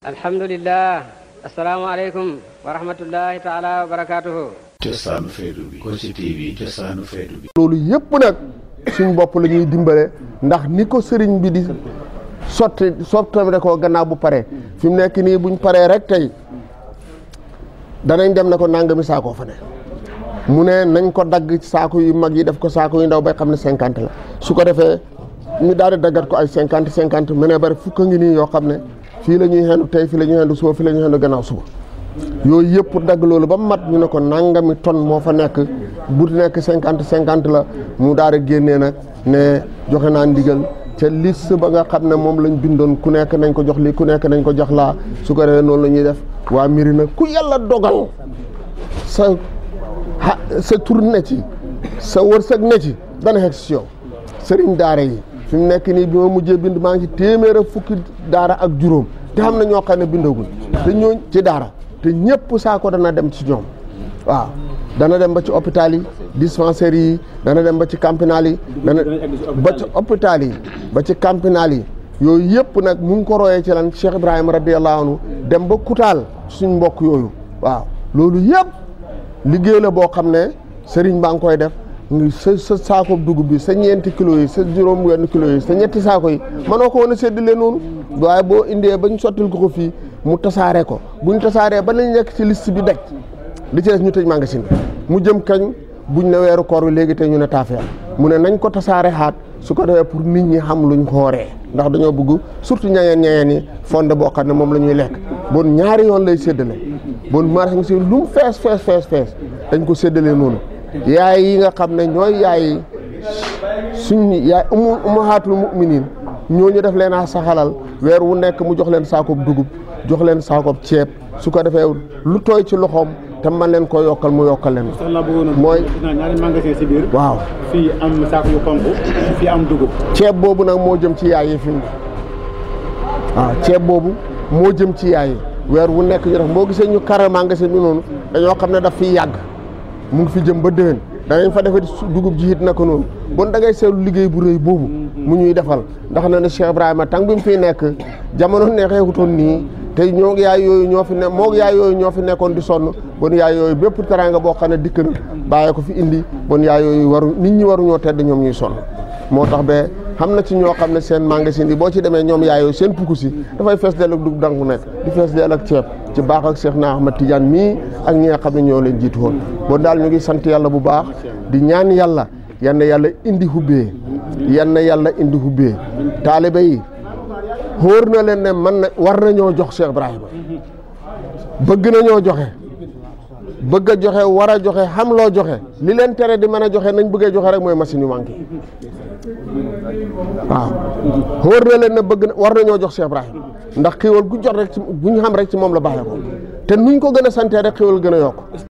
alhamdulilah asalaamualeykum wa rahmatullahi taala wa barakaatuhu cosaanu loolu yëpp nag suñu bopp la ñuy dimbale ndax ni ko sëriñ bi di sotti sottami ko gannaaw bu pare fi mu nekk nii buñ paree rek tey danañ dem na ko nangami saakoo fa ne mu ne nañ ko dagg saako yu mag yi def ko saako yu ndaw bay xam ne cinquante la su ko defee ñu daal di daggat ko ay cinquante cinquante mu ne bari a ngi nii yoo xam ne fii la ñuy xendu tey fii la ñuy xendu suba fii la ñuy gannaaw suba yooyu yëpp pour dagg loolu ba mu mat ñu ne ko nangami ton moo fa nekk bu nekk cinquante cinquante la mu daara génnee nag ne joxe naa ndigal te liste ba nga xam ne moom lañ bindoon ku nekk nañ ko jox lii ku nekk nañ ko jox laa su ko noonu la ñuy def waa miri nag ku yàlla dogal sa sa tur ne ci sa wërsëg ne ci dana xeg si yow sëriñ daara yi suñ mu nekk nii bi ma mujjee bind maa ngi ci téeméer ak fukki daara ak juróom te xam na ñoo xam ne bindagul te ñooñ ci daara te ñëpp saako dana dem ci ñoom waaw dana dem ba ci hôpital yi dispensaires yi dana dem ba ci campinal yi ba ci hôpital yi ba yooyu yëpp nag mu ngi ko royee ci lan Cheikh Ibrahima radiyallahu anhu dem ba kutaal suñ mbokk yooyu waaw loolu yëpp liggéey la boo xam ne sëriñ baa koy def sa sa saako dugub bi sa ñeenti kilos yi sa juróom wenn kilos yi sa ñetti saako yi mënoo ko woon a séddale noonu waaye boo indee bañ sottil ko ko fii mu tasaaree ko bu ñu tasaaree ba lañ nekk ci liste bi daj di ci ñu tëj magasin mu jëm kañ buñ ne weeru kor wi léegi te ñu ne taafeer mu ne nañ ko tasaare xaat su ko defee pour nit ñi xam luñ xooree ndax dañoo bëgg surtout ñangeen ñangeen yi fonde boo xam ne moom la ñuy lekk bon ñaari yoon lay séddale bon marché si lu fees fees fees fees dañ ko séddalee noonu yaay yi nga xam ne ñooy yaay suñu yaay umu umahaatul ñoo ñu def leen a saxalal weer wu nekk mu jox leen saakoob dugub jox leen saakoob ceeb su ko defee lu tooy ci loxoom te man leen koo yokkal mu yokkal leen mooy ñaari si biir waaw fii am saako am dugub ceeb boobu nag moo jëm ci yaay ceeb boobu moo jëm ci yaay yi weer wu nekk ñu def boo gisee ñu kara magasin mi noonu dañoo xam ne daf fi yàgg mu ngi fi jëm ba déwén danañ fa defee dugub ji it naka noonu bon da ngay seetlu liggéey bu rëy boobu mu ñuy defal ndax na ne Cheikh Ibrahima tàng bi mu fiy nekk jamono neexeekutoon nii te ñoo yaay yooyu ñoo fi ne moog yaay yooyu ñoo fi nekkoon di sonn bon yaay yooyu bépp teraanga boo xam ne dikk na bàyyi ko fi indi bon yaay yooyu waru nit ñi waruñoo tedd ñoom ñuy sonn moo tax ba xam na ci ñoo xam ne seen magasin yi boo ci demee ñoom yaayoo seen pukusi dafay fees dell ak dug dangu nekk di fees dell ak ceeb ci baax ak seex naa Ahmad Tidiane mii ak ñi xam ne ñoo leen jiitu woon bon daal ñu ngi sant yàlla bu baax di ñaan yàlla yan yàlla indi hubbee yan yàlla indi hubbee taalibe yi xóor na leen ne man na war na ñoo jox Cheikh Ibrahima bëgg na ñoo joxe bëgg a joxe war a joxe xam loo joxe li leen tere di mën a joxe nañ bëggee joxe rek mooy machine yu manqué waaw wóor na leen ne bëgg na war nañoo jox Cheikh Ibrahim ndax xéwal gu jox rek ci bu ñu xam rek ci moom la baaxee ko te nuñ ko gën a santee rek xéwal gën a yokk